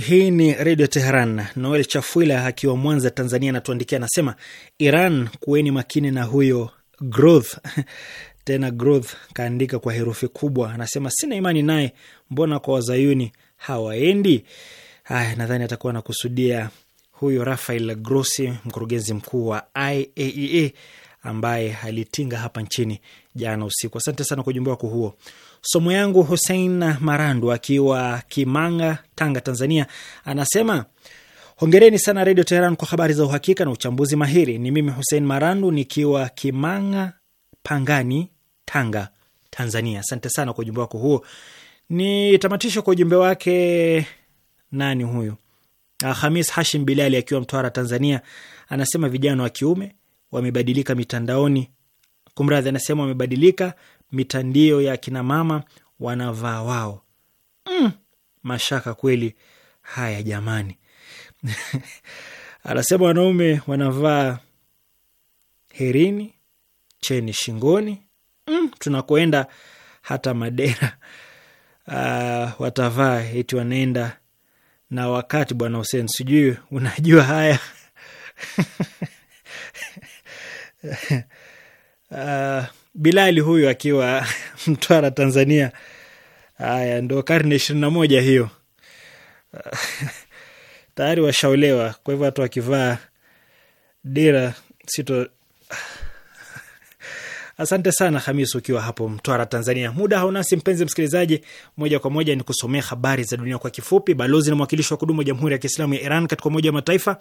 Hii ni redio Teheran. Noel Chafuila akiwa Mwanza, Tanzania, anatuandikia anasema, Iran kuweni makini na huyo growth tena growth kaandika kwa herufi kubwa, anasema sina imani naye, mbona kwa wazayuni hawaendi? Haya, nadhani atakuwa anakusudia huyo Rafael Grossi, mkurugenzi mkuu wa IAEA e ambaye alitinga hapa nchini jana usiku. Asante sana kwa ujumbe wako huo. Somo yangu husein Marandu akiwa Kimanga, Tanga, Tanzania, anasema Hongereni sana Redio Teheran kwa habari za uhakika na uchambuzi mahiri. Ni mimi Hussein Marandu nikiwa Kimanga, Pangani, Tanga, Tanzania. Asante sana kwa ujumbe wako huo. Ni tamatisho kwa ujumbe wake nani huyu? Ah, Hamis Hashim Bilali akiwa Mtwara, Tanzania, anasema vijana wa kiume wamebadilika mitandaoni. Kumradhi, anasema wamebadilika mitandio ya akinamama wanavaa wao. Mm, mashaka kweli haya jamani. Anasema wanaume wanavaa herini, cheni shingoni, mm, tunakwenda hata Madera. Uh, watavaa eti wanaenda na wakati. Bwana Hussein, sijui unajua haya uh, Bilali huyu akiwa Mtwara, Tanzania. Haya ndo karne ishirini na moja hiyo tayari washaolewa. Kwa hivyo hata wakivaa dira sito. Asante sana Hamis, ukiwa hapo Mtwara, Tanzania. Muda haunasi, mpenzi msikilizaji, moja kwa moja ni kusomea habari za dunia kwa kifupi. Balozi na mwakilishi wa kudumu wa Jamhuri ya Kiislamu ya Iran katika Umoja wa Mataifa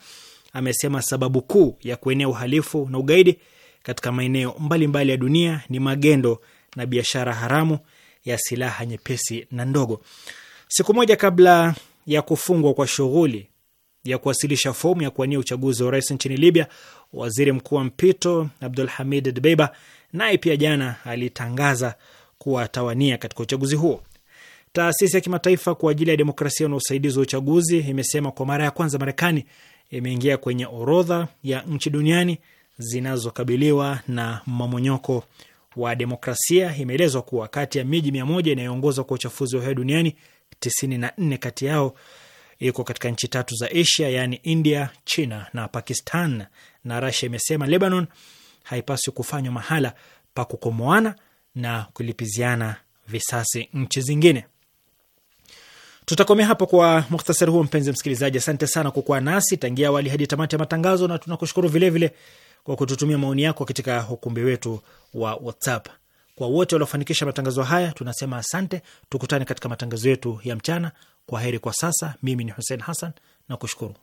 amesema sababu kuu ya kuenea uhalifu na ugaidi katika maeneo mbalimbali ya dunia ni magendo na biashara haramu ya silaha nyepesi na ndogo. Siku moja kabla ya kufungwa kwa shughuli ya kuwasilisha fomu ya kuwania uchaguzi wa urais nchini Libya, waziri mkuu wa mpito Abdul Hamid Dbeiba naye pia jana alitangaza kuwa atawania katika uchaguzi huo. Taasisi ya kimataifa kwa ajili ya demokrasia na usaidizi wa uchaguzi imesema kwa mara ya kwanza Marekani imeingia kwenye orodha ya nchi duniani zinazokabiliwa na mamonyoko wa demokrasia. Imeelezwa kuwa kati ya miji mia moja inayoongozwa kwa uchafuzi wa hewa duniani, tisini na nne kati yao iko katika nchi tatu za Asia, yaani India, China na Pakistan. Na Rasia imesema Lebanon haipaswi kufanywa mahala pa kukomoana na kulipiziana visasi nchi zingine. Tutakomea hapo kwa muhtasari huo, mpenzi msikilizaji. Asante sana kwa kuwa nasi tangia awali hadi tamati ya matangazo, na tunakushukuru vilevile kwa kututumia maoni yako katika ukumbi wetu wa WhatsApp. Kwa wote waliofanikisha matangazo haya tunasema asante. Tukutane katika matangazo yetu ya mchana kwa heri kwa sasa, mimi ni Hussein Hassan na kushukuru.